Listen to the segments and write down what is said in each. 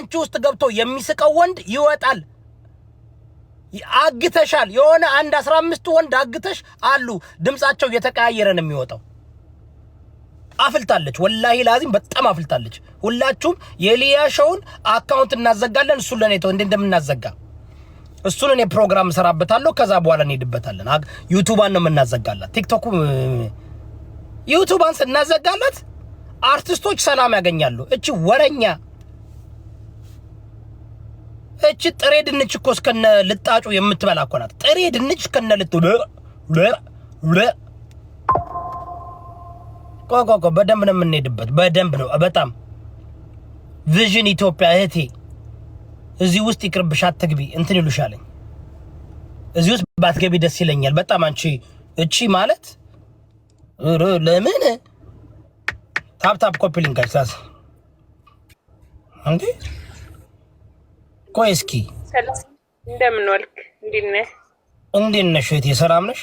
አንቺ ውስጥ ገብቶ የሚስቀው ወንድ ይወጣል። አግተሻል። የሆነ አንድ አስራ አምስት ወንድ አግተሽ አሉ። ድምጻቸው እየተቀያየረ ነው የሚወጣው። አፍልታለች። ወላሂ ላዚም በጣም አፍልታለች። ሁላችሁም የሊያ ሸውን አካውንት እናዘጋለን። እሱ ለኔ ተው እንደ እንደምናዘጋ እሱን እኔ ፕሮግራም እሰራበታለሁ። ከዛ በኋላ እንሄድበታለን። ዩቱባን ነው የምናዘጋላት። ቲክቶኩ ዩቱባን ስናዘጋላት አርቲስቶች ሰላም ያገኛሉ። እቺ ወረኛ እቺ ጥሬ ድንች እኮ እስከነ ልጣጩ የምትበላ እኮ ናት። ጥሬ ድንች እስከነ ልጡ ቆቆቆ በደንብ ነው የምንሄድበት። በደንብ ነው በጣም ቪዥን ኢትዮጵያ እህቴ፣ እዚህ ውስጥ ይቅርብሽ፣ አትግቢ እንትን ይሉሻለኝ። እዚህ ውስጥ ባትገቢ ደስ ይለኛል በጣም አንቺ። እቺ ማለት ለምን ታፕ ኮፒ ሊንክ እንዴ ቆይ እስኪ እንደምን ዋልክ? እንዴት ነህ? እንዴት ነሽ እህቴ? ሰላም ነሽ?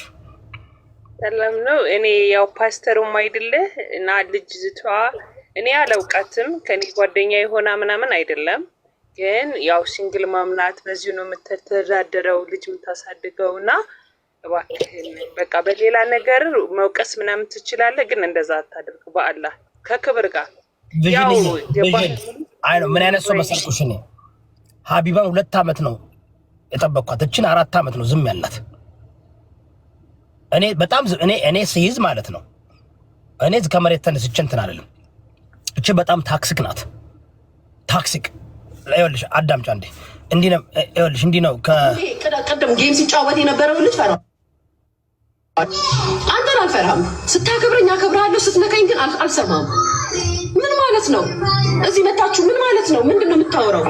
ሰላም ነው። እኔ ያው ፓስተሩም አይደለ እና ልጅ ዝቷ እኔ አላውቃትም ከኔ ጓደኛ የሆና ምናምን አይደለም ግን ያው ሲንግል ማምናት በዚሁ ነው የምትተዳደረው ልጅ የምታሳድገው እና እባክህን በቃ በሌላ ነገር መውቀስ ምናምን ትችላለህ፣ ግን እንደዛ አታደርግ። በአላህ ከክብር ጋር ያው ምን አይነት ሰው መሰልኩሽ እኔ ሀቢባን ሁለት ዓመት ነው የጠበቅኳት። እችን አራት ዓመት ነው ዝም ያልናት። እኔ በጣም እኔ እኔ ስይዝ ማለት ነው እኔ ከመሬት ተነስቼ እንትን አለልም። እች በጣም ታክሲክ ናት። ታክሲክ ይኸውልሽ፣ አዳምጫ እንዴ እንዲህ ነው ይኸውልሽ፣ እንዲህ ነው ቀደም ጌም ሲጫወት የነበረው ልጅ ፈራ አንተን አልፈራም። ስታከብረኝ አከብርሃለሁ፣ ስትነካኝ ግን አልሰማም። ምን ማለት ነው? እዚህ መታችሁ ምን ማለት ነው? ምንድን ነው የምታወራው?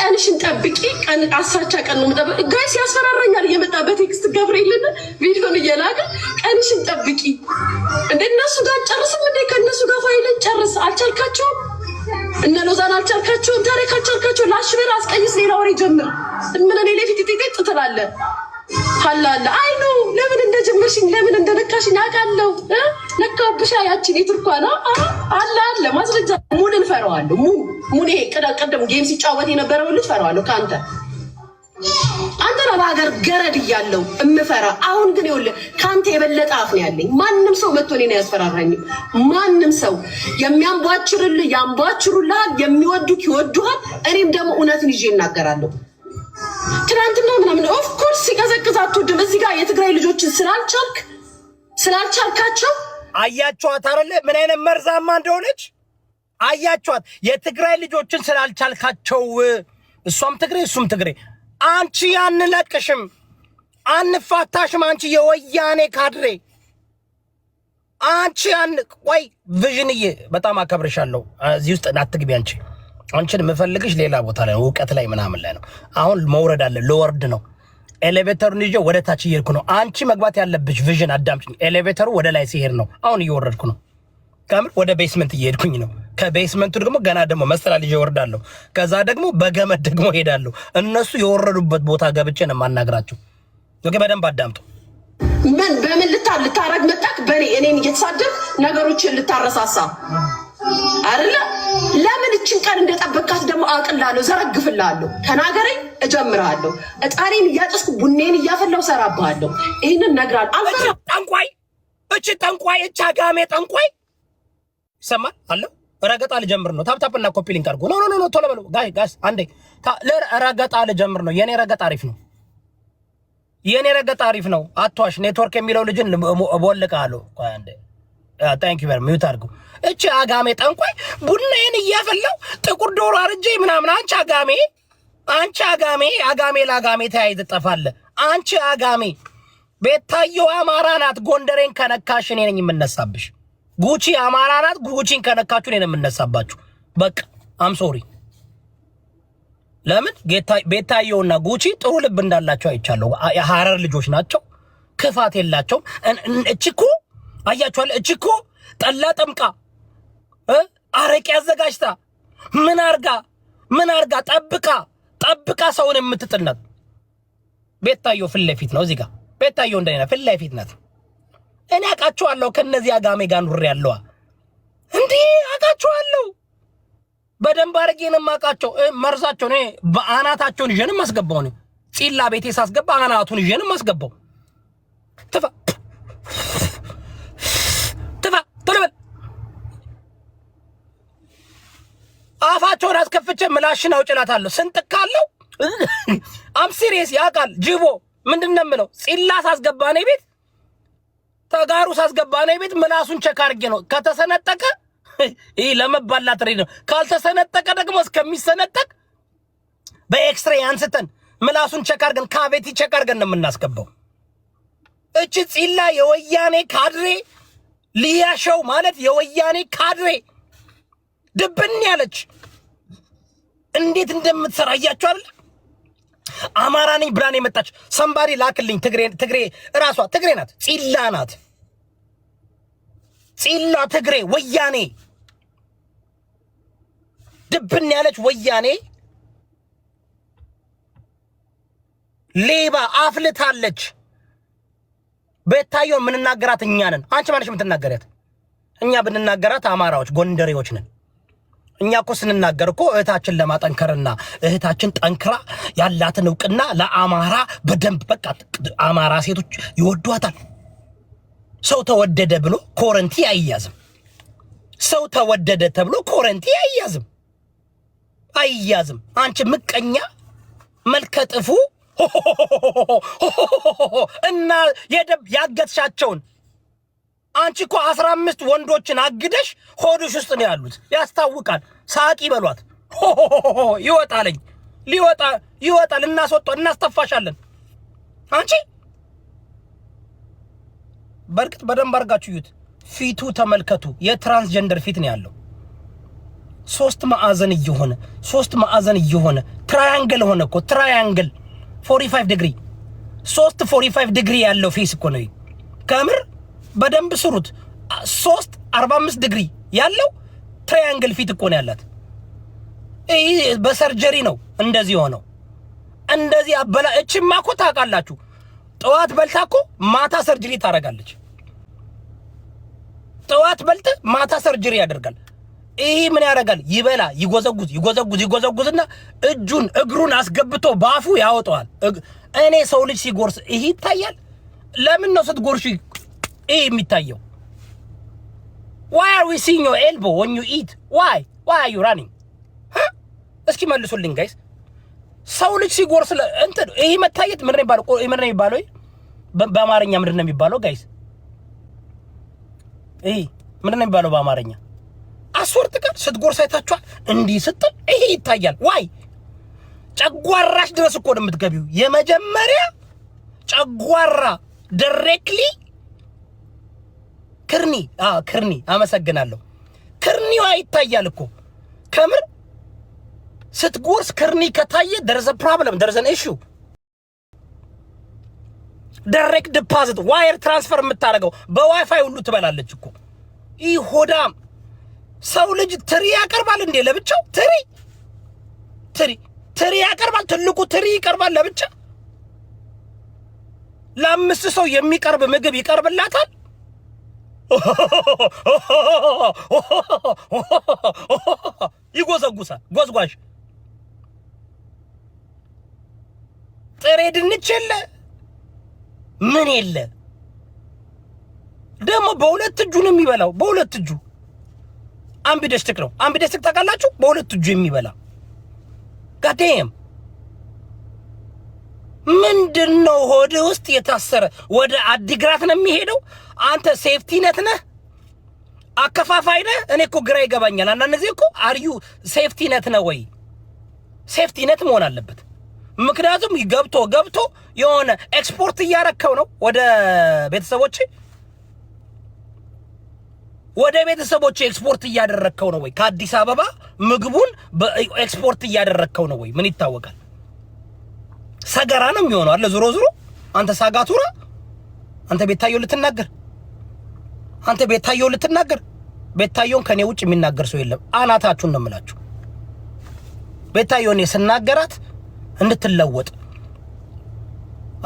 ቀንሽን ጠብቂ። ቀን አሳቻ ቀን ነው ምጠብቅ። ጋይስ ያስፈራራኛል እየመጣ በቴክስት ገብርኤልን ቪዲዮን እየላከ ቀንሽን ጠብቂ። እንደ እነሱ ጋር ጨርስም እንደ ከእነሱ ጋር ፋይልን ጨርስ። አልቻልካቸውም፣ እነ ሎዛን አልቻልካቸውም። ታሪክ አልቻልካቸው። ላሽበር አስቀይስ፣ ሌላ ወሬ ጀምር። ምን እኔ ለፊት ጥጥ ትላለህ ታላለ አይ ነው ለምን እንደጀመርሽኝ ለምን እንደነካሽኝ አውቃለሁ። ነካብሻ ያችን ነው አለ አለ ማስረጃ ሙን እንፈረዋለሁ። ሙ ሙን ይሄ ቀደም ጌም ሲጫወት የነበረው ልጅ ፈረዋለሁ ከአንተ አንተ ነው በሀገር ገረድ እያለው እምፈራ አሁን ግን ይኸውልህ ከአንተ የበለጠ አፍ ነው ያለኝ። ማንም ሰው መጥቶ እኔን አያስፈራራኝም። ማንም ሰው የሚያንቧችርልህ ያንቧችሩልሃል፣ የሚወዱት ይወዱሃል። እኔም ደግሞ እውነትን ይዤ እናገራለሁ። ትናንትና ምናምን ኦፍኮርስ ሲቀዘቅዝ አትወድም። እዚህ ጋር የትግራይ ልጆችን ስላልቻልክ ስላልቻልካቸው አያቸዋት አይደለ? ምን አይነት መርዛማ እንደሆነች አያቸዋት። የትግራይ ልጆችን ስላልቻልካቸው እሷም ትግሬ እሱም ትግሬ፣ አንቺ አንለቅሽም፣ አንፋታሽም። አንቺ የወያኔ ካድሬ አንቺ ያን ቆይ፣ ቪዥንዬ በጣም አከብርሻለሁ። እዚህ ውስጥ አትግቢ አንቺ አንቺን የምፈልግሽ ሌላ ቦታ ላይ እውቀት ላይ ምናምን ላይ ነው። አሁን መውረድ አለ ልወርድ ነው። ኤሌቬተሩን ይዤ ወደ ታች እየሄድኩ ነው። አንቺ መግባት ያለብሽ ቪዥን አዳምጪኝ። ኤሌቬተሩ ወደ ላይ ሲሄድ ነው። አሁን እየወረድኩ ነው። ከምር ወደ ቤስመንት እየሄድኩኝ ነው። ከቤስመንቱ ደግሞ ገና ደግሞ መሰላል ይዤ እወርዳለሁ። ከዛ ደግሞ በገመድ ደግሞ ሄዳለሁ። እነሱ የወረዱበት ቦታ ገብቼ ነው የማናግራቸው። ኦኬ፣ በደንብ አዳምጡ። ምን በምን ልታረግ መጣክ? በእኔ እኔን እየተሳደብ ነገሮችን ልታረሳሳ አይደለ? ለምን እችን ቀን እንደጠበካት ደግሞ አውቅልሃለሁ፣ ዘረግፍልሃለሁ፣ ተናገረኝ፣ እጀምርሃለሁ፣ እጣኔን እያጨስኩ ቡኔን እያፈላው ሰራብሃለሁ። ይህንን ነግራለሁ። ጠንቋይ፣ እች ጠንቋይ፣ እች አጋሜ ጠንቋይ ይሰማል አለ ረገጣ ልጀምር ነው። ታፕታፕና ኮፒ ሊንክ አድርጉ። ኖ ኖ ኖ፣ ቶሎ በሉ ጋይ ጋስ፣ አንዴ ረገጣ ልጀምር ነው። የኔ ረገጣ አሪፍ ነው። የኔ ረገጣ አሪፍ ነው። አቷሽ ኔትወርክ የሚለው ልጅን ቦልቃ አሉ። አንዴ ታንክ ዩ ቨሪ ሚዩት አድርጉ። እቺ አጋሜ ጠንቋይ ቡናዬን እያፈላው ጥቁር ዶሮ አርጄ ምናምን። አንቺ አጋሜ፣ አንቺ አጋሜ፣ አጋሜ ለአጋሜ ተያይዘ ጠፋለ። አንቺ አጋሜ ቤታዮ አማራ ናት። ጎንደሬን ከነካሽ እኔ ነኝ የምነሳብሽ። ጉቺ አማራ ናት። ጉቺን ከነካችሁ እኔ ነው የምነሳባችሁ። በቃ አም ሶሪ። ለምን ቤታየውና ጉቺ ጥሩ ልብ እንዳላቸው አይቻለሁ። የሐረር ልጆች ናቸው። ክፋት የላቸውም። እችኮ አያችኋል። እችኮ ጠላ ጠምቃ አረቄ አዘጋጅታ ምን አርጋ ምን አርጋ ጠብቃ ጠብቃ ሰውን የምትጥል ናት። ቤታዮ ፊት ለፊት ነው። እዚህ ጋር ቤታዮ እንደኔ ፊት ለፊት ናት። እኔ አውቃችኋለሁ። ከነዚህ አጋሜ ጋር ኑሬ ያለዋ እንዲህ አውቃችኋለሁ። በደንብ አድርጌንም አውቃቸው መርሳቸው ነው። በአናታቸውን ይዤንም አስገባው ነው ጺላ ቤቴ ሳስገባ አናቱን ይዤንም አስገባው ትፋ አፋቸውን አስከፍቼ ምላሽን አውጭላታለሁ። ስንጥቅ ካለው አምሲሬስ ያውቃል። ጅቦ ምንድን ነው የምለው? ፂላ ሳስገባ እኔ ቤት ተጋሩ ሳስገባ እኔ ቤት ምላሱን ቸክ አድርጌ ነው። ከተሰነጠቀ ይህ ለመባላት ነው። ካልተሰነጠቀ ደግሞ እስከሚሰነጠቅ በኤክስሬ አንስተን ምላሱን ቸክ አድርገን ካቤቲ ቸክ አድርገን ነው የምናስገባው። እቺ ፂላ የወያኔ ካድሬ ሊያሸው ማለት የወያኔ ካድሬ ድብን ያለች እንዴት እንደምትሰራ እያችሁ አይደል? አማራ ነኝ ብላን የመጣች ሰንባሪ ላክልኝ። ትግሬ ትግሬ እራሷ ትግሬ ናት፣ ፂላ ናት። ፂላ ትግሬ ወያኔ ድብን ያለች ወያኔ ሌባ አፍልታለች። በታየው የምንናገራት እኛ ነን። አንቺ ማለሽ የምትናገሪያት እኛ ብንናገራት አማራዎች ጎንደሬዎች ነን። እኛ እኮ ስንናገር እኮ እህታችን ለማጠንከርና እህታችን ጠንክራ ያላትን እውቅና ለአማራ በደንብ በቃ አማራ ሴቶች ይወዷታል። ሰው ተወደደ ብሎ ኮረንቲ አይያዝም። ሰው ተወደደ ተብሎ ኮረንቲ አይያዝም አይያዝም። አንቺ ምቀኛ መልከጥፉ እና ያገትሻቸውን አንቺ እኮ አስራ አምስት ወንዶችን አግደሽ ሆድሽ ውስጥ ነው ያሉት። ያስታውቃል። ሳቂ በሏት። ይወጣለኝ ሊወጣ ይወጣል። እናስወጣ እናስተፋሻለን። አንቺ በእርግጥ በደንብ አድርጋችሁ እዩት። ፊቱ ተመልከቱ። የትራንስጀንደር ፊት ነው ያለው። ሶስት ማዕዘን እየሆነ ሶስት ማዕዘን እየሆነ ትራያንግል ሆነ እኮ ትራያንግል 45 ዲግሪ ሶስት 45 ዲግሪ ያለው ፌስ እኮ ነው ከምር በደንብ ስሩት። ሶስት አርባ አምስት ድግሪ ያለው ትራያንግል ፊት እኮ ነው ያላት። ይህ በሰርጀሪ ነው እንደዚህ ሆነው እንደዚህ አበላ። እችማ እኮ ታውቃላችሁ፣ ጠዋት በልታ እኮ ማታ ሰርጀሪ ታደርጋለች። ጠዋት በልተ ማታ ሰርጀሪ ያደርጋል። ይህ ምን ያደርጋል? ይበላ፣ ይጎዘጉዝ፣ ይጎዘጉዝ፣ ይጎዘጉዝና እጁን እግሩን አስገብቶ በአፉ ያወጣዋል። እኔ ሰው ልጅ ሲጎርስ ይህ ይታያል። ለምን ነው ስትጎርሽ ኤ የሚታየው ዋይ አር ዊ ሲንግ ዮር ኤልቦ ወን ዩ ኢት ዋይ ዋይ አር ዩ ራኒንግ እስኪ መልሱልኝ ጋይስ ሰው ልጅ ሲጎርስ እንትን ይሄ መታየት ምንድን ነው የሚባለው ምንድን ነው የሚባለው በአማርኛ ምንድን ነው የሚባለው ጋይስ ይሄ ምንድን ነው የሚባለው በአማርኛ አስወርት ቀን ስትጎርስ አይታችኋል እንዲህ ስትል ይሄ ይታያል ዋይ ጨጓራሽ ድረስ እኮ ነው የምትገቢው የመጀመሪያ ጨጓራ ዳይሬክትሊ ክርኒ ክርኒ፣ አመሰግናለሁ። ክርኒዋ ይታያል እኮ ከምር ስትጎርስ ክርኒ ከታየ ደረዘ ፕሮብለም ደርዘን ኢሹ። ዳይሬክት ዲፖዚት ዋየር ትራንስፈር የምታደርገው በዋይፋይ ሁሉ ትበላለች እኮ ይህ ሆዳም ሰው ልጅ ትሪ ያቀርባል እንዴ? ለብቻው ትሪ ትሪ ትሪ ያቀርባል። ትልቁ ትሪ ይቀርባል ለብቻ። ለአምስት ሰው የሚቀርብ ምግብ ይቀርብላታል። ይጎዘጉሳል። ጎዝጓዥ ጥሬ ድንች የለ ምን የለ ደግሞ በሁለት እጁ ነው የሚበላው። በሁለት እጁ አምቢደስትክ ነው። አምቢደስትክ ታውቃላችሁ? በሁለት እጁ የሚበላ ጋዴም ምንድን ነው ሆድ ውስጥ የታሰረ? ወደ አዲግራት ነው የሚሄደው? አንተ ሴፍቲነት ነህ? አከፋፋይ ነህ? እኔ እኮ ግራ ይገባኛል አንዳንድ ጊዜ እኮ አርዩ ነት ነህ ወይ? ነት መሆን አለበት። ምክንያቱም ገብቶ ገብቶ የሆነ ኤክስፖርት እያረከው ነው ወደ ቤተሰቦች ወደ ቤተሰቦች ኤክስፖርት እያደረግከው ነው ወይ? ከአዲስ አበባ ምግቡን ኤክስፖርት እያደረግከው ነው ወይ? ምን ይታወቃል? ሰገራ ነው የሚሆነው አለ ዞሮ ዞሮ አንተ ሳጋቱራ አንተ ቤታየው ልትናገር አንተ ቤታየው ልትናገር ቤታየውን ከኔ ውጭ የሚናገር ሰው የለም። አናታችሁ ነው የምላችሁ። ቤታየው እኔ ስናገራት እንድትለወጥ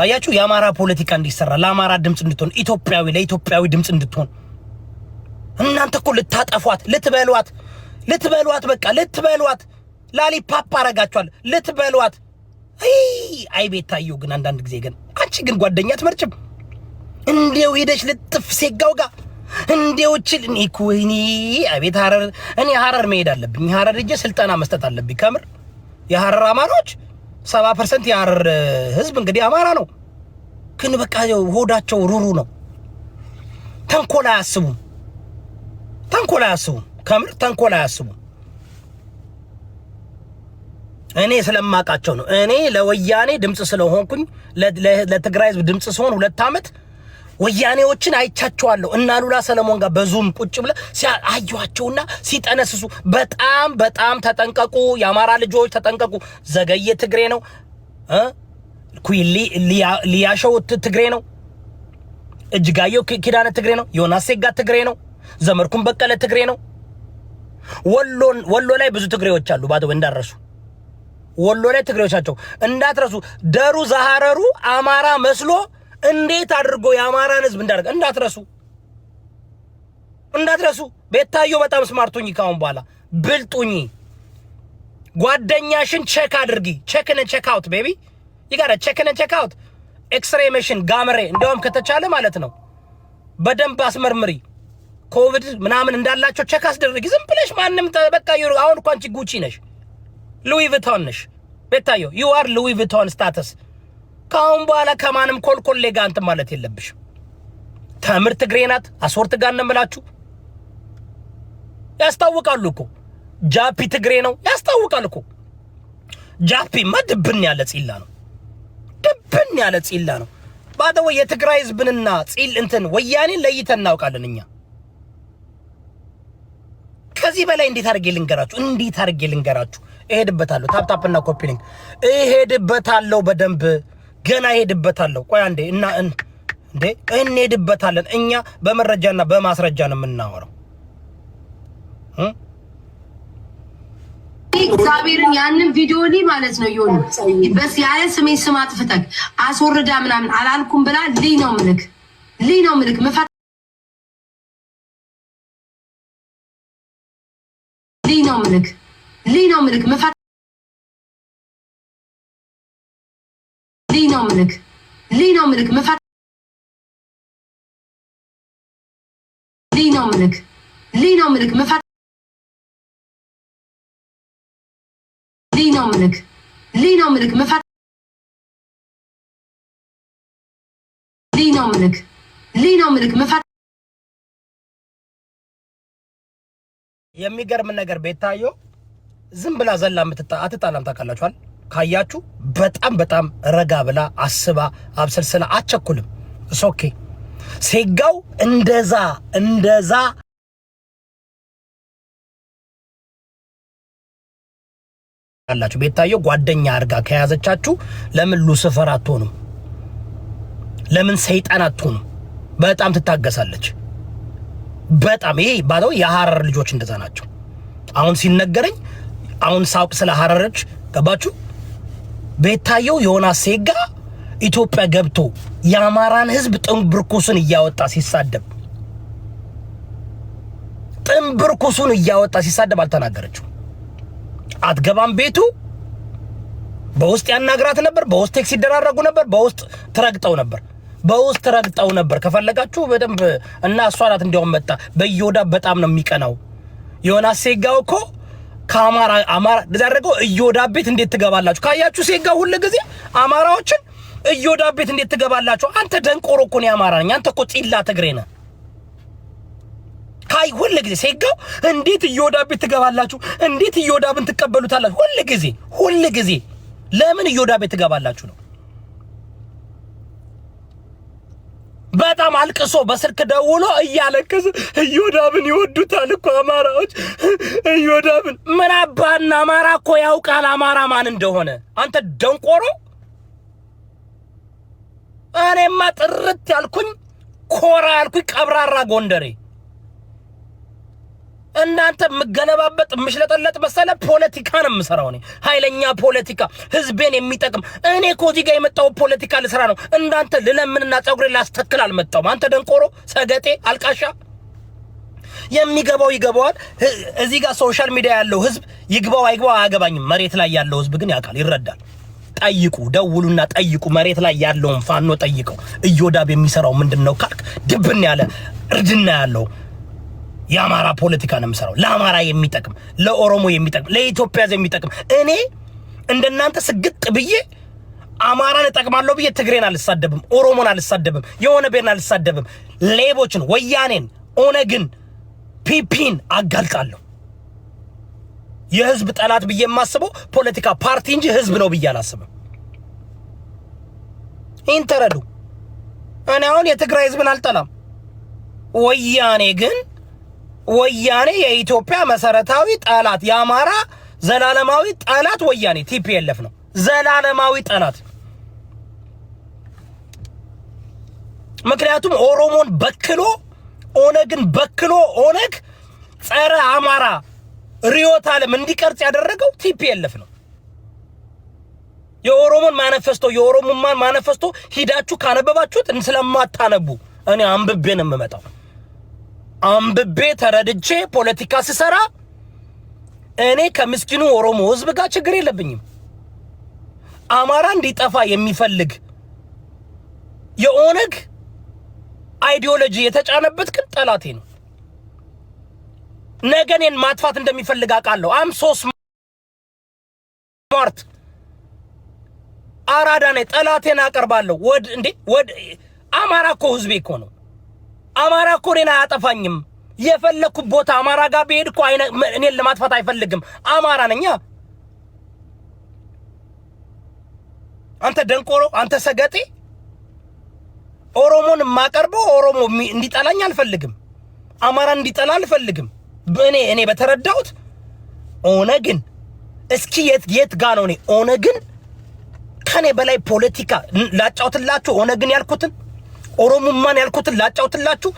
አያችሁ፣ የአማራ ፖለቲካ እንዲሰራ ለአማራ ድምፅ እንድትሆን ኢትዮጵያዊ ለኢትዮጵያዊ ድምፅ እንድትሆን እናንተ እኮ ልታጠፏት፣ ልትበሏት፣ ልትበሏት፣ በቃ ልትበሏት። ላሊፓፕ አረጋችኋል። ልትበሏት አይ ታየው ግን አንዳንድ ጊዜ ግን አንቺ ግን ጓደኛ አትመርጭም። እንዴው ሄደሽ ልጥፍ ሴጋው ጋር እንዴው እችል እኔ እኮ እኔ አቤት ሐረር እኔ ሐረር መሄድ አለብኝ። ሐረር ሂጄ ስልጠና መስጠት አለብኝ። ከምር የሐረር አማራዎች ሰባ ፐርሰንት የሐረር ህዝብ እንግዲህ አማራ ነው፣ ግን በቃ ሆዳቸው ሩሩ ነው። ተንኮል አያስቡም። ተንኮል አያስቡም። ከምር ተንኮል አያስቡም። እኔ ስለማውቃቸው ነው። እኔ ለወያኔ ድምፅ ስለሆንኩኝ ለትግራይ ህዝብ ድምፅ ስሆን ሁለት ዓመት ወያኔዎችን አይቻቸዋለሁ እና ሉላ ሰለሞን ጋር በዙም ቁጭ ብለ አየኋቸውና ሲጠነስሱ፣ በጣም በጣም ተጠንቀቁ፣ የአማራ ልጆች ተጠንቀቁ። ዘገየ ትግሬ ነው፣ ሊያሸው ትግሬ ነው፣ እጅጋየሁ ኪዳነ ትግሬ ነው፣ ዮናስ ሴጋ ትግሬ ነው፣ ዘመድኩን በቀለ ትግሬ ነው። ወሎ ላይ ብዙ ትግሬዎች አሉ ባዶ እንዳረሱ ወሎ ላይ ትግሬዎች ናቸው እንዳትረሱ። ደሩ ዛሃረሩ አማራ መስሎ እንዴት አድርጎ የአማራን ህዝብ እንዳደረገ እንዳትረሱ እንዳትረሱ። ቤታዮ በጣም ስማርቱኝ፣ ካሁን በኋላ ብልጡኝ። ጓደኛሽን ቼክ አድርጊ። ቼክነ ቼክ አውት ቤቢ ይጋራ ቼክነ ቼክ አውት ኤክስሬ መሽን ጋምሬ፣ እንደውም ከተቻለ ማለት ነው በደንብ አስመርምሪ። ኮቪድ ምናምን እንዳላቸው ቼክ አስደርጊ። ዝም ብለሽ ማንም በቃ አሁን እኮ አንቺ ጉቺ ነሽ። ሉዊ ቪቶን ነሽ ቤታዮ ዩ አር ሉዊ ቪቶን ስታተስ። ከአሁን በኋላ ከማንም ኮልኮሌ ጋር እንትን ማለት የለብሽም። ተምር ትግሬ ናት። አስወር ትጋር ነው ያስታውቃሉ እኮ ጃፒ ትግሬ ነው ያስታውቃል እኮ ጃፒማ ድብን ያለ ፂላ ነው። ድብን ያለ ፂላ ነው። ባደወ የትግራይ ህዝብንና ፂል እንትን ወያኔን ለይተን እናውቃለን እኛ። ከዚህ በላይ እንዴት አድርጌ ልንገራችሁ? እንዴት አድርጌ ልንገራችሁ? እሄድበታለሁ። እና ኮፒ ሊንክ እሄድበታለሁ። በደንብ ገና እሄድበታለሁ። ቆይ አንዴ እና እንዴ እንሄድበታለን። እኛ በመረጃና በማስረጃ ነው የምናወራው። እግዚአብሔርን ያንን ቪዲዮ ላይ ማለት ነው ይሁን በስ ያለ ስሜ ስም አጥፍተህ አስወርዳ ምናምን አላልኩም ብላ ልይ ነው ምልክ ልይ ነው ምልክ ነው ምልክ ነው ምልክ ነው ምልክ ነው ምልክ ነው ምልክ ነው ምልክ ነው ምልክ ነው ምልክ ነው ምልክ የሚገርም ነገር ቤታዮ ዝም ብላ ዘላ አትጣላም። ታውቃላችኋል ካያችሁ በጣም በጣም ረጋ ብላ አስባ አብሰልስላ አትቸኩልም። ኦኬ ሴጋው እንደዛ እንደዛ አላችሁ ቤታየው ጓደኛ አድርጋ ከያዘቻችሁ ለምን ሉስፈር አትሆኑም? ለምን ሰይጣን አትሆኑም? በጣም ትታገሳለች። በጣም ይሄ ባለው የሐረር ልጆች እንደዛ ናቸው። አሁን ሲነገረኝ አሁን ሳውቅ ስለ ሀረረች ገባችሁ። ቤታየው የሆና ሴጋ ኢትዮጵያ ገብቶ የአማራን ህዝብ ጥንብርኩሱን እያወጣ ሲሳደብ ጥንብርኩሱን እያወጣ ሲሳደብ አልተናገረችው። አትገባም ቤቱ በውስጥ ያናግራት ነበር። በውስጥ ቴክስ ሲደራረጉ ነበር። በውስጥ ትረግጠው ነበር። በውስጥ ረግጠው ነበር። ከፈለጋችሁ በደንብ እና እሷ ናት እንዲያውም መጣ በየወዳ በጣም ነው የሚቀናው ዮናስ ሴጋው እኮ ከአማራ አማራ እንደዛ እዮዳ ቤት እንዴት ትገባላችሁ? ካያችሁ ሴጋ ሁል ጊዜ አማራዎችን እዮዳ ቤት እንዴት ትገባላችሁ? አንተ ደንቆሮ እኮ ነው አማራ ነኝ። አንተ እኮ ጢላ ትግሬ ነህ። ካይ ሁል ጊዜ ሴጋው እንዴት እዮዳ ቤት ትገባላችሁ? እንዴት እዮዳብን ትቀበሉታላችሁ? ሁሉ ጊዜ ሁሉ ጊዜ ለምን እዮዳ ቤት ትገባላችሁ ነው በጣም አልቅሶ በስልክ ደውሎ እያለቀሰ እዮዳብን ይወዱታል እኮ አማራዎች፣ እዮዳብን ምን አባና አማራ እኮ ያውቃል አማራ ማን እንደሆነ አንተ ደንቆሮ። እኔማ ጥርት ያልኩኝ ኮራ ያልኩኝ ቀብራራ ጎንደሬ እናንተ የምገለባበጥ የምሽለጠለጥ መሰለ ፖለቲካ ነው የምሰራው እኔ። ኃይለኛ ፖለቲካ ህዝቤን የሚጠቅም እኔ ኮዚ ጋር የመጣው ፖለቲካ ልስራ ነው። እንዳንተ ልለምንና ጸጉሬ ላስተክል አልመጣውም። አንተ ደንቆሮ፣ ሰገጤ፣ አልቃሻ የሚገባው ይገባዋል። እዚህ ጋር ሶሻል ሚዲያ ያለው ህዝብ ይግባው አይግባው አያገባኝም። መሬት ላይ ያለው ህዝብ ግን ያውቃል፣ ይረዳል። ጠይቁ፣ ደውሉና ጠይቁ። መሬት ላይ ያለውን ፋኖ ጠይቀው። እዮዳብ የሚሰራው ምንድን ነው ካልክ ድብን ያለ እርድና ያለው የአማራ ፖለቲካ ነው የምሰራው። ለአማራ የሚጠቅም ለኦሮሞ የሚጠቅም ለኢትዮጵያ የሚጠቅም እኔ እንደናንተ ስግጥ ብዬ አማራን እጠቅማለሁ ብዬ ትግሬን አልሳደብም፣ ኦሮሞን አልሳደብም፣ የሆነ ቤርን አልሳደብም። ሌቦችን፣ ወያኔን፣ ኦነግን፣ ፒፒን አጋልጣለሁ። የህዝብ ጠላት ብዬ የማስበው ፖለቲካ ፓርቲ እንጂ ህዝብ ነው ብዬ አላስብም። ይህን ተረዱ። እኔ አሁን የትግራይ ህዝብን አልጠላም። ወያኔ ግን ወያኔ የኢትዮጵያ መሰረታዊ ጠላት፣ የአማራ ዘላለማዊ ጠላት ወያኔ ቲፒኤልኤፍ ነው። ዘላለማዊ ጠላት። ምክንያቱም ኦሮሞን በክሎ ኦነግን በክሎ ኦነግ ጸረ አማራ ሪዮት ዓለም እንዲቀርጽ ያደረገው ቲፒኤልኤፍ ነው። የኦሮሞን ማነፈስቶ የኦሮሞማን ማነፈስቶ ሂዳችሁ ካነበባችሁት ስለማታነቡ እኔ አንብቤን የምመጣው። አንብቤ ተረድቼ ፖለቲካ ስሰራ እኔ ከምስኪኑ ኦሮሞ ህዝብ ጋር ችግር የለብኝም። አማራ እንዲጠፋ የሚፈልግ የኦነግ አይዲዮሎጂ የተጫነበት ግን ጠላቴ ነው። ነገኔን ማጥፋት እንደሚፈልግ አውቃለሁ። አም ሶስ ማርት አራዳ ነኝ። ጠላቴን አቀርባለሁ። ወድ እንዴ ወድ አማራ እኮ ህዝቤ እኮ ነው። አማራ እኮ እኔን አያጠፋኝም። የፈለግኩት ቦታ አማራ ጋር ብሄድ እኮ እኔን ለማጥፋት አይፈልግም። አማራ ነኛ። አንተ ደንቆሮ፣ አንተ ሰገጤ። ኦሮሞን የማቀርበው ኦሮሞ እንዲጠላኝ አልፈልግም። አማራ እንዲጠላ አልፈልግም። እኔ እኔ በተረዳሁት ኦነግን እስኪ የት የት ጋ ነው እኔ ኦነግን ከኔ በላይ ፖለቲካ ላጫውትላችሁ ኦነግን ያልኩትን ኦሮሞማን ያልኩትን ላጫውትላችሁ።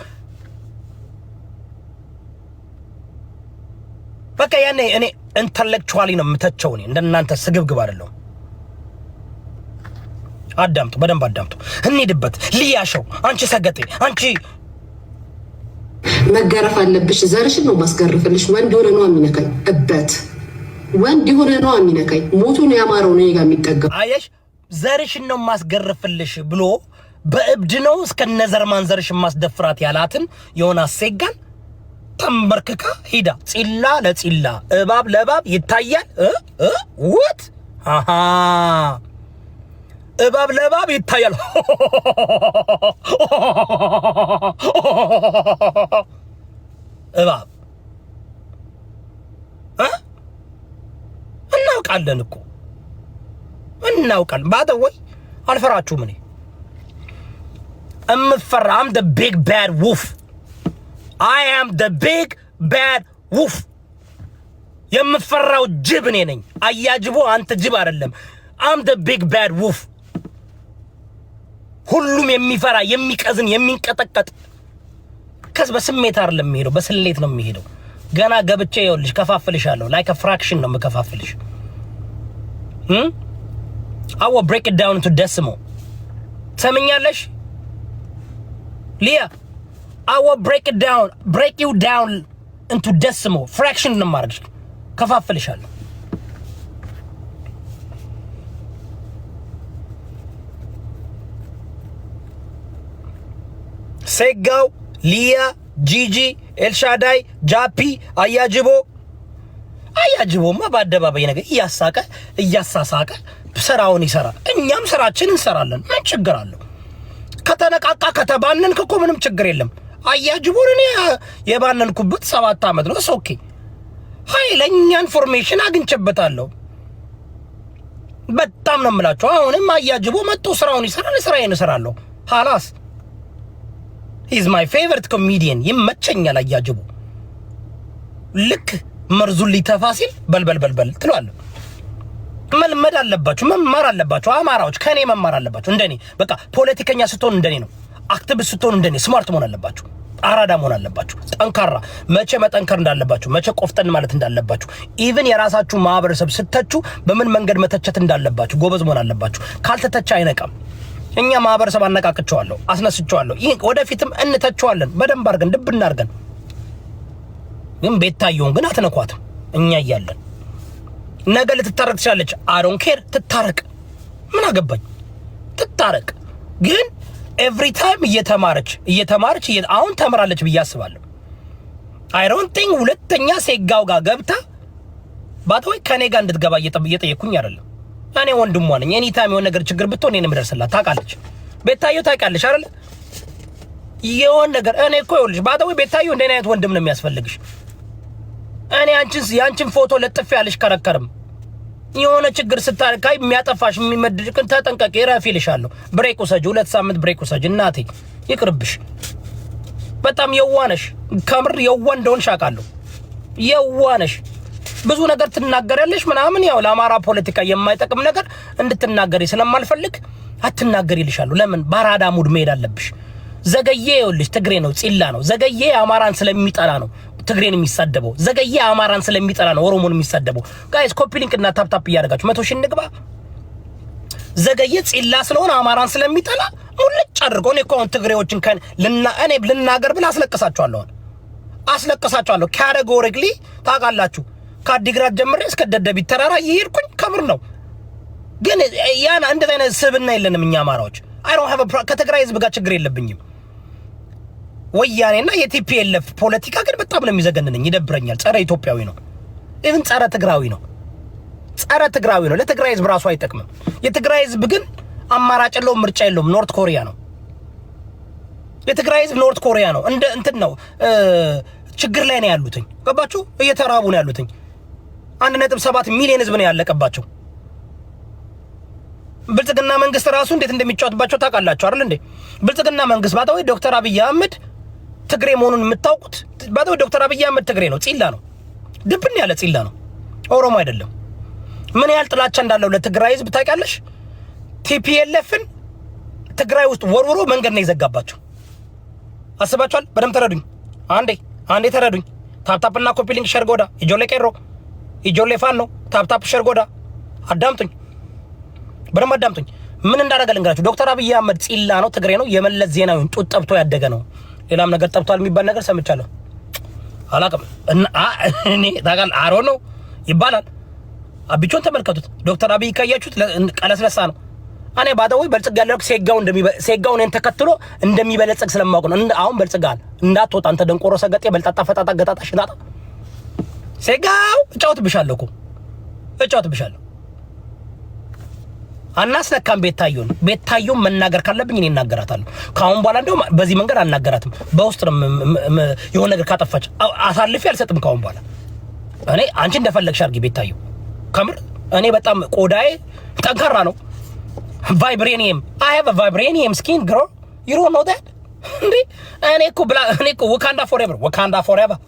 በቃ ያኔ እኔ ኢንተሌክቹዋሊ ነው የምተቸው። እኔ እንደናንተ ስግብግብ አይደለሁም። አዳምጡ፣ በደንብ አዳምጡ። እንሂድበት። ልያሸው፣ አንቺ ሰገጤ፣ አንቺ መገረፍ አለብሽ። ዘርሽን ነው ማስገርፍልሽ። ወንድ የሆነ ነው የሚነካኝ፣ እበት ወንድ የሆነ ነው የሚነካኝ። ሞቱን ያማረው ነው ጋ የሚጠገም አየሽ፣ ዘርሽን ነው ማስገርፍልሽ ብሎ በእብድ ነው ነዘር ማንዘርሽ ማስደፍራት ያላትን ዮናስ ሴጋን ተንበርክካ ሂዳ ፂላ ለፂላ እባብ ለእባብ ይታያል። ውት እባብ ለእባብ ይታያል። እባብ እናውቃለን እኮ እናውቃለን። ባደወይ አልፈራችሁም እኔ እምፈራ አም ደ ቢግ ባድ ውፍ አይ አም ደ ቢግ ባድ ውፍ የምፈራው ጅብ እኔ ነኝ። አያጅቦ አንተ ጅብ አይደለም። አም ደ ቢግ ባድ ውፍ ሁሉም የሚፈራ የሚቀዝን የሚንቀጠቀጥ ከስ በስሜት አይደለም የሚሄደው፣ በስሌት ነው የሚሄደው። ገና ገብቼ ይኸውልሽ ከፋፍልሻለሁ። ላይክ ፍራክሽን ነው የምከፋፍልሽ። አዎ ብሬክ ዳውን ቱ ደስሞ ትሰምኛለሽ? ሊያ አይ ዊል ብሬክ ኢት ዳውን ብሬክ ዩ ዳውን እንቱ ደስሞ ፍራክሽን ነው ማድረግ ከፋፍልሻለሁ። ሴጋው ሊያ ጂጂ ኤልሻዳይ ጃፒ አያጅቦ አያጅቦማ በአደባባይ ነገር እያሳቀ እያሳሳቀ ስራውን ይሰራል። እኛም ስራችን እንሰራለን። ምን ችግር አለው? ከተነቃቃ ከተባነንክ እኮ ምንም ችግር የለም። አያጅቡን እኔ የባነንኩበት ሰባት ዓመት ነው። ኦኬ ለእኛ ኢንፎርሜሽን አግኝቼበታለሁ። በጣም ነው የምላቸው። አሁንም አያጅቦ መጥቶ ስራውን ይሰራል፣ ስራዬን እሰራለሁ። ሀላስ ኢዝ ማይ ፌቨሪት ኮሚዲየን ይመቸኛል። አያጅቦ ልክ መርዙን ሊተፋ ሲል በልበልበልበል ትሏለሁ። መልመድ አለባችሁ፣ መማር አለባችሁ። አማራዎች ከኔ መማር አለባችሁ። እንደኔ በቃ ፖለቲከኛ ስትሆን እንደኔ ነው። አክቲቪስት ስትሆን እንደኔ ስማርት መሆን አለባችሁ። አራዳ መሆን አለባችሁ። ጠንካራ መቼ መጠንከር እንዳለባችሁ፣ መቼ ቆፍጠን ማለት እንዳለባችሁ፣ ኢቭን የራሳችሁ ማህበረሰብ ስተቹ በምን መንገድ መተቸት እንዳለባችሁ ጎበዝ መሆን አለባችሁ። ካልተተቸ አይነቃም። እኛ ማህበረሰብ አነቃቅቸዋለሁ፣ አስነስቸዋለሁ። ይህ ወደፊትም እንተቸዋለን። በደንብ አርገን ድብ እናርገን። ግን ቤታየውን ግን አትነኳትም እኛ እያለን ነገ ልትታረቅ ትችላለች። አሮን ኬር ትታረቅ፣ ምን አገባኝ፣ ትታረቅ። ግን ኤቭሪ ታይም እየተማረች እየተማረች አሁን ተምራለች ብዬ አስባለሁ። አይሮን ቲንግ ሁለተኛ ሴጋው ጋር ገብታ ባትወይ ከኔ ጋር እንድትገባ እየጠየቅኩኝ አይደለም። እኔ ወንድሟ ነኝ። ኤኒ ታይም የሆነ ነገር ችግር ብትሆን እኔን ምደርስላት ታውቃለች። ቤታዮ ታውቃለች አይደል? የሆነ ነገር እኔ እኮ ይኸውልሽ፣ ባታዊ ቤታዮ እንደኔ አይነት ወንድም ነው የሚያስፈልግሽ። እኔ አንቺን የአንቺን ፎቶ ለጥፌ አልሽከረከርም። የሆነ ችግር ስታካይ የሚያጠፋሽ ግን ተጠንቀቂ፣ ረፍ ይልሻለሁ። ብሬክ ውሰጅ፣ ሁለት ሳምንት ብሬክ ውሰጅ። እናቴ ይቅርብሽ። በጣም የዋነሽ፣ ከምር የዋ እንደሆን አውቃለሁ። የዋነሽ ብዙ ነገር ትናገሪያለሽ ምናምን። ያው ለአማራ ፖለቲካ የማይጠቅም ነገር እንድትናገሪ ስለማልፈልግ አትናገሪ ይልሻለሁ። ለምን በአራዳ ሙድ መሄድ አለብሽ? ዘገዬ ይኸውልሽ፣ ትግሬ ነው፣ ፂላ ነው። ዘገዬ አማራን ስለሚጠላ ነው። ትግሬን የሚሳደበው ዘገየ አማራን ስለሚጠላ ነው ኦሮሞን የሚሳደበው። ጋይስ ኮፒ ሊንክ እና ታፕታፕ እያደረጋችሁ መቶ ሺህ እንግባ። ዘገየ ጽላ ስለሆነ አማራን ስለሚጠላ ሙልጭ አድርገው። እኔ እኮ አሁን ትግሬዎችን ከን ልና እኔ ልናገር ብለህ አስለቅሳችኋለሁ አስለቅሳችኋለሁ። ካቴጎሪክሊ ታውቃላችሁ። ከአዲግራት ጀምሬ እስከ ደደቢት ተራራ እየሄድኩኝ ከምር ነው። ግን ያን እንደዚህ አይነት ስብና የለንም እኛ አማራዎች። አይ ዶንት ሃቭ ከትግራይ ህዝብ ጋር ችግር የለብኝም። ወያኔና የቲፒኤልኤፍ ፖለቲካ ግን በጣም ነው የሚዘገንነኝ፣ ይደብረኛል። ጸረ ኢትዮጵያዊ ነው፣ ይህን ጸረ ትግራዊ ነው፣ ጸረ ትግራዊ ነው። ለትግራይ ህዝብ ራሱ አይጠቅምም። የትግራይ ህዝብ ግን አማራጭ የለውም፣ ምርጫ የለውም። ኖርት ኮሪያ ነው የትግራይ ህዝብ፣ ኖርት ኮሪያ ነው። እንደ እንትን ነው፣ ችግር ላይ ነው ያሉትኝ። ገባችሁ? እየተራቡ ነው ያሉትኝ። አንድ ነጥብ ሰባት ሚሊዮን ህዝብ ነው ያለቀባቸው። ብልጽግና መንግስት ራሱ እንዴት እንደሚጫወትባቸው ታውቃላችሁ አይደል እንዴ? ብልጽግና መንግስት ባታዊ ዶክተር አብይ አህመድ ትግሬ መሆኑን የምታውቁት ባ ዶክተር አብይ አህመድ ትግሬ ነው። ፂላ ነው፣ ድብን ያለ ፂላ ነው። ኦሮሞ አይደለም። ምን ያህል ጥላቻ እንዳለው ለትግራይ ህዝብ ታውቂያለሽ? ቲፒኤልኤፍን ትግራይ ውስጥ ወርውሮ መንገድ ነው የዘጋባቸው። አስባችኋል? በደንብ ተረዱኝ። አንዴ አንዴ ተረዱኝ። ታፕታፕና ኮፒሊንግ ሸርጎዳ ኢጆሌ ቄሮ ኢጆሌ ፋኖ ታፕታፕ ሸርጎዳ። አዳምጡኝ፣ በደንብ አዳምጡኝ። ምን እንዳደረገ ልንገራችሁ። ዶክተር አብይ አህመድ ፂላ ነው፣ ትግሬ ነው። የመለስ ዜናዊን ጡት ጠብቶ ያደገ ነው። ሌላም ነገር ጠብቷል የሚባል ነገር ሰምቻለሁ። አላቅም እኔ ታውቃለህ፣ አሮ ነው ይባላል። አብቾን ተመልከቱት። ዶክተር አብይ ካያችሁት ቀለስለሳ ነው። እኔ ባዳዊ በልጽግ ያለው ሴጋው ሴጋው እኔን ተከትሎ እንደሚበለጽግ ስለማውቅ ነው። አሁን በልጽጋል እንዳትወጣ አንተ ደንቆሮ ሰገጤ፣ በልጣጣ፣ ፈጣጣ፣ ገጣጣ፣ ሽናጣ ሴጋው እጫውት ብሻለሁ እኮ ብሻለሁ አናስነካም። ቤታዩን ቤታዩን መናገር ካለብኝ እኔ እናገራታለሁ። ከአሁን በኋላ እንደውም በዚህ መንገድ አናገራትም። በውስጥ ነው የሆነ ነገር ካጠፋች አሳልፌ አልሰጥም። ከአሁን በኋላ እኔ አንቺ እንደፈለግሽ አድርጊ ቤታዩ። ከምር እኔ በጣም ቆዳዬ ጠንካራ ነው። ቫይብሬኒየም አይ ሃቭ ቫይብሬኒየም ስኪን ግሮ ዩ ዶንት ኖ ዳት እንዴ እኔ እኮ ብላ እኔ እኮ ወካንዳ ፎር ኤቨር ወካንዳ ፎር ኤቨር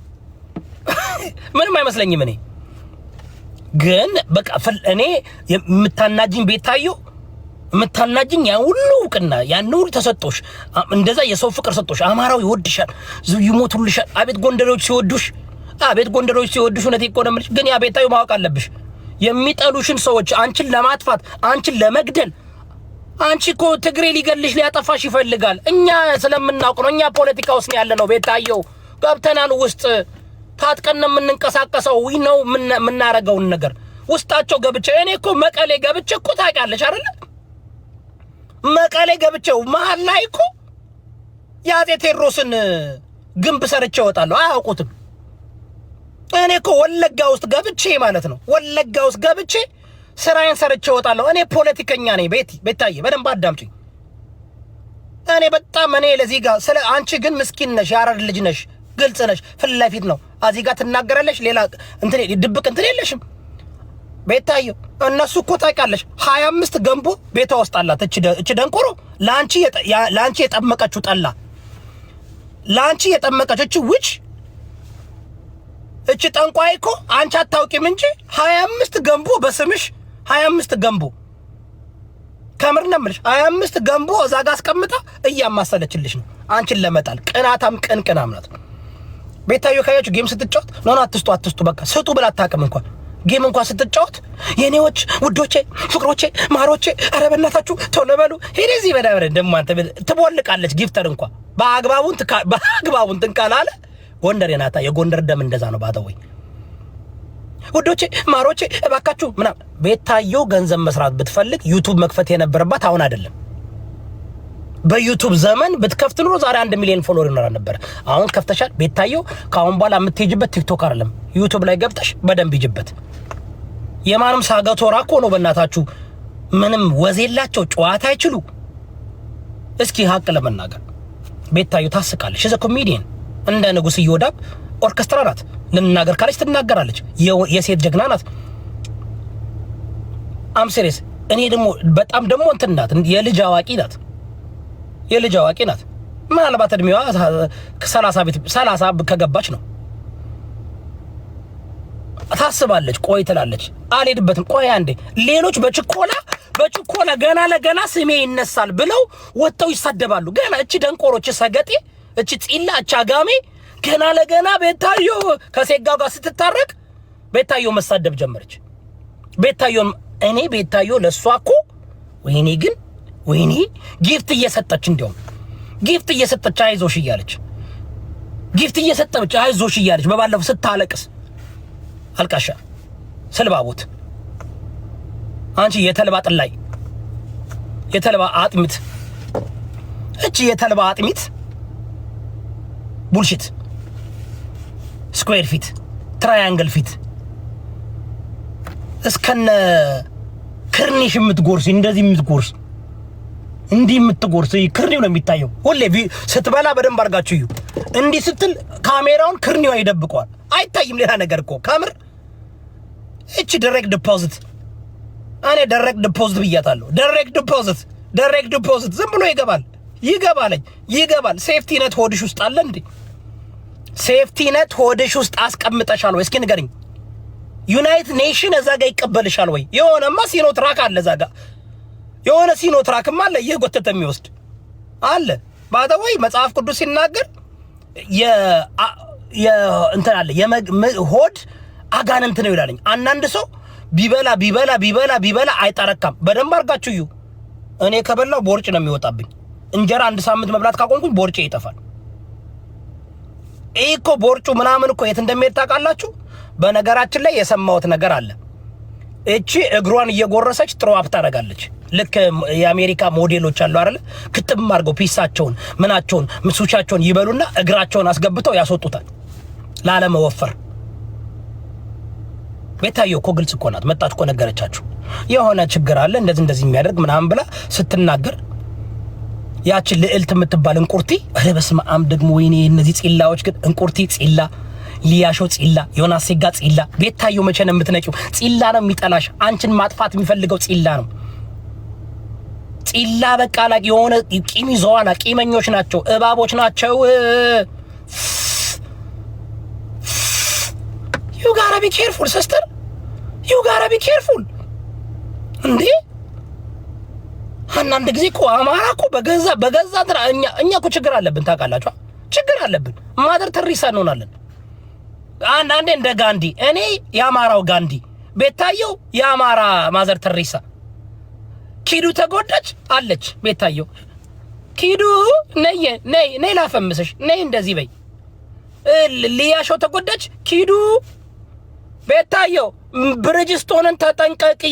ምንም አይመስለኝም እኔ ግን በቃ እኔ የምታናጅኝ ቤታየሁ የምታናጅኝ ያ ሁሉ እውቅና ያን ሁሉ ተሰጦሽ እንደዛ የሰው ፍቅር ሰጦሽ፣ አማራው ይወድሻል፣ ይሞቱልሻል። አቤት ጎንደሮች ሲወዱሽ፣ አቤት ጎንደሮች ሲወዱሽ። እውነቴን እኮ ነው የምልሽ። ግን ያ ቤታየሁ ማወቅ አለብሽ የሚጠሉሽን ሰዎች አንቺን ለማጥፋት አንቺን ለመግደል አንቺ እኮ ትግሬ ሊገልሽ ሊያጠፋሽ ይፈልጋል። እኛ ስለምናውቅ ነው። እኛ ፖለቲካ ውስጥ ያለ ነው። ቤታየሁ ገብተናል ውስጥ ታጥቀን ነው የምንንቀሳቀሰው ነው የምናረገውን ነገር ውስጣቸው ገብቼ እኔ እኮ መቀሌ ገብቼ እኮ ታውቂያለሽ አይደለ? መቀሌ ገብቼው መሀል ላይ እኮ የአፄ ቴዎድሮስን ግንብ ሰርቼ እወጣለሁ። አያውቁትም። እኔ እኮ ወለጋ ውስጥ ገብቼ ማለት ነው ወለጋ ውስጥ ገብቼ ስራዬን ሰርቼ እወጣለሁ። እኔ ፖለቲከኛ ነኝ። ቤት ቤታዬ በደንብ አዳምጪኝ። እኔ በጣም እኔ ለዚህ ጋር ስለ አንቺ ግን ምስኪን ነሽ፣ ያረድ ልጅ ነሽ፣ ግልጽ ነሽ። ፊት ለፊት ነው አዚ ጋር ትናገራለሽ። ሌላ እንትን ድብቅ እንትን የለሽም። ቤታየው እነሱ እኮ ታውቂያለሽ፣ ሀያ አምስት ገንቦ ቤቷ ውስጥ አላት። እች ደንቆሮ ለአንቺ የጠመቀችው ጠላ፣ ለአንቺ የጠመቀች እች ውጭ እች ጠንቋይ እኮ አንቺ አታውቂም እንጂ ሀያ አምስት ገንቦ በስምሽ ሀያ አምስት ገንቦ ከምር ነው የምልሽ። ሀያ አምስት ገንቦ እዛ ጋር አስቀምጣ እያማሰለችልሽ ነው አንቺን ለመጣል። ቅናታም ቅን ቅናም ቤታዮ ካያችሁ ጌም ስትጫወት ኖ ኖ አትስጡ አትስጡ በቃ ስጡ ብላ አታውቅም። እንኳን ጌም እንኳን ስትጫወት የኔዎች ውዶቼ፣ ፍቅሮቼ፣ ማሮቼ ኧረ በእናታችሁ ቶሎ በሉ ሄደ እዚህ በዳበረ ደግሞ ትቦልቃለች። ጊፍተር እንኳ በአግባቡን በአግባቡን ትንካላለ። ጎንደር የናታ የጎንደር ደም እንደዛ ነው። ባተወይ ውዶቼ፣ ማሮቼ እባካችሁ ምናምን ቤታዮ ገንዘብ መስራት ብትፈልግ ዩቱብ መክፈት የነበረባት አሁን አይደለም። በዩቱብ ዘመን ብትከፍት ኑሮ ዛሬ አንድ ሚሊዮን ፎሎወር ይኖራል ነበር። አሁን ከፍተሻል ቤታየው። ከአሁን በኋላ የምትሄጅበት ቲክቶክ አይደለም፣ ዩቱብ ላይ ገብተሽ በደንብ ይጅበት። የማንም ሳገቶራ እኮ ነው። በእናታችሁ ምንም ወዝ የላቸው ጨዋታ አይችሉ። እስኪ ሀቅ ለመናገር ቤታየው ታስቃለች። ዘ ኮሜዲየን እንደ ንጉስ እየወዳብ ኦርኬስትራ ናት። ልናገር ካለች ትናገራለች። የሴት ጀግና ናት። አም ሴሪየስ። እኔ ደግሞ በጣም ደግሞ እንትን ናት፣ የልጅ አዋቂ ናት። የልጅ አዋቂ ናት። ምናልባት እድሜዋ ሰላሳ ከገባች ነው ታስባለች። ቆይ ትላለች፣ አልሄድበትም። ቆይ አንዴ ሌሎች በችኮላ በችኮላ ገና ለገና ስሜ ይነሳል ብለው ወጥተው ይሳደባሉ። ገና እቺ ደንቆሮች፣ ሰገጤ፣ እቺ ጢላ እቺ አጋሜ ገና ለገና ቤታዮ ከሴጋው ጋር ስትታረቅ ቤታዮ መሳደብ ጀመረች። ቤታዮ እኔ ቤታዮ ለእሷ እኮ ወይኔ ግን ወይኔ ጊፍት እየሰጠች እንዲያውም ጊፍት እየሰጠች አይዞሽ እያለች ጊፍት እየሰጠች አይዞሽ እያለች በባለፈው ስታለቅስ አልቃሻ ስልባቦት አንቺ የተልባ ጥላይ የተልባ አጥሚት እቺ የተልባ አጥሚት ቡልሽት ስኩዌር ፊት ትራያንግል ፊት እስከነ ክርኒሽ የምትጎርስ እንደዚህ የምትጎርስ እንዲህ የምትጎርስ ክርኒው ነው የሚታየው። ሁሌ ስትበላ በደንብ አድርጋችሁ እዩ። እንዲህ ስትል ካሜራውን ክርኒው ይደብቀዋል፣ አይታይም። ሌላ ነገር እኮ ከምር እቺ ዳይሬክት ዲፖዚት፣ እኔ ዳይሬክት ዲፖዚት ብያታለሁ። ዳይሬክት ዲፖዚት፣ ዳይሬክት ዲፖዚት ዝም ብሎ ይገባል፣ ይገባለኝ፣ ይገባል። ሴፍቲ ነት ሆድሽ ውስጥ አለ እንዴ? ሴፍቲ ነት ሆድሽ ውስጥ አስቀምጠሻል ወይ? እስኪ ንገርኝ። ዩናይትድ ኔሽን እዛ ጋር ይቀበልሻል ወይ? የሆነማ ሲኖትራክ አለ እዛ ጋ የሆነ ሲኖ ትራክም አለ ጎተተ የሚወስድ አለ። ባታወይ መጽሐፍ ቅዱስ ሲናገር እንትን አለ ሆድ አጋንንት ነው ይላለኝ። አንዳንድ ሰው ቢበላ ቢበላ ቢበላ ቢበላ አይጠረካም። በደንብ አርጋችሁ እዩ። እኔ ከበላው ቦርጭ ነው የሚወጣብኝ። እንጀራ አንድ ሳምንት መብላት ካቆምኩኝ ቦርጬ ይጠፋል። ይህ እኮ ቦርጩ ምናምን እኮ የት እንደሚሄድ ታውቃላችሁ? በነገራችን ላይ የሰማሁት ነገር አለ እቺ እግሯን እየጎረሰች ጥሮ አፕ ታደርጋለች። ልክ የአሜሪካ ሞዴሎች አሉ አይደለ? ክትም አድርገው ፒሳቸውን፣ ምናቸውን፣ ምሱቻቸውን ይበሉና እግራቸውን አስገብተው ያስወጡታል ላለመወፈር። ቤታዮ እኮ ግልጽ እኮ ናት። መጣች እኮ ነገረቻችሁ። የሆነ ችግር አለ እንደዚህ እንደዚህ የሚያደርግ ምናምን ብላ ስትናገር ያችን ልዕልት የምትባል እንቁርቲ፣ ኧረ በስመ ደግሞ ወይኔ! እነዚህ ጽላዎች ግን እንቁርቲ ጽላ ሊያሾ ፂላ፣ ዮናስ ሴጋ ፂላ፣ ቤታየሁ መቼ ነው የምትነቂው? ፂላ ነው የሚጠላሽ። አንቺን ማጥፋት የሚፈልገው ፂላ ነው። ፂላ በቃ ላቅ የሆነ ቂም ይዘዋላ። ቂመኞች ናቸው፣ እባቦች ናቸው። ዩ ጋራ ቢ ኬርፉል ሲስተር፣ ዩ ጋራ ቢ ኬርፉል እንዴ አንዳንድ ጊዜ እኮ አማራ እኮ በገዛ በገዛ እኛ እኛ እኮ ችግር አለብን፣ ታውቃላችሁ። ችግር አለብን። ማደር ተሪሳ እንሆናለን። አንዳንዴ እንደ ጋንዲ እኔ የአማራው ጋንዲ ቤታየው የአማራ ማዘር ተሬሳ ኪዱ ተጎዳች አለች። ቤታየው ኪዱ ነየ ነይ ነይ ላፈምስሽ ነይ እንደዚህ በይ። ሊያሾ ተጎዳች ኪዱ ቤታየው ብርጅስቶንን ተጠንቀቂ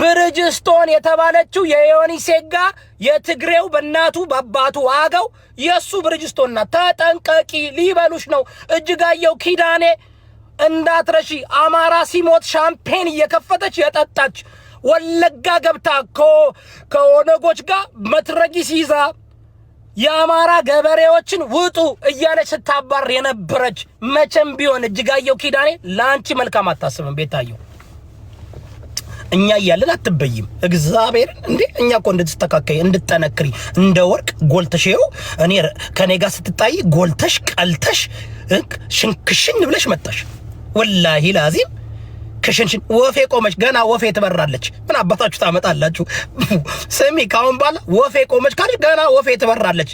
ብርጅስቶን የተባለችው የዮኒ ሴጋ የትግሬው በእናቱ በአባቱ ዋገው የእሱ ብርጅስቶን ናት። ተጠንቀቂ ሊበሉሽ ነው። እጅጋየው ኪዳኔ እንዳትረሺ። አማራ ሲሞት ሻምፔን እየከፈተች የጠጣች ወለጋ ገብታ ከኦነጎች ጋር መትረጊስ ይዛ የአማራ ገበሬዎችን ውጡ እያለች ስታባር የነበረች መቼም ቢሆን እጅጋየው ኪዳኔ ለአንቺ መልካም አታስብም ቤታየው። እኛ እያለን አትበይም። እግዚአብሔር እንዴ እኛ እኮ እንድትስተካከይ እንድጠነክሪ እንደ ወርቅ ጎልተሽ ይኸው እኔ ከኔ ጋር ስትጣይ ጎልተሽ ቀልተሽ ሽንክሽን ብለሽ መጣሽ። ወላሂ ላዚም ክሽንሽን ወፌ ቆመች። ገና ወፌ ትበራለች። ምን አባታችሁ ታመጣላችሁ? ስሚ ካሁን በኋላ ወፌ ቆመች ካለች ገና ወፌ ትበራለች።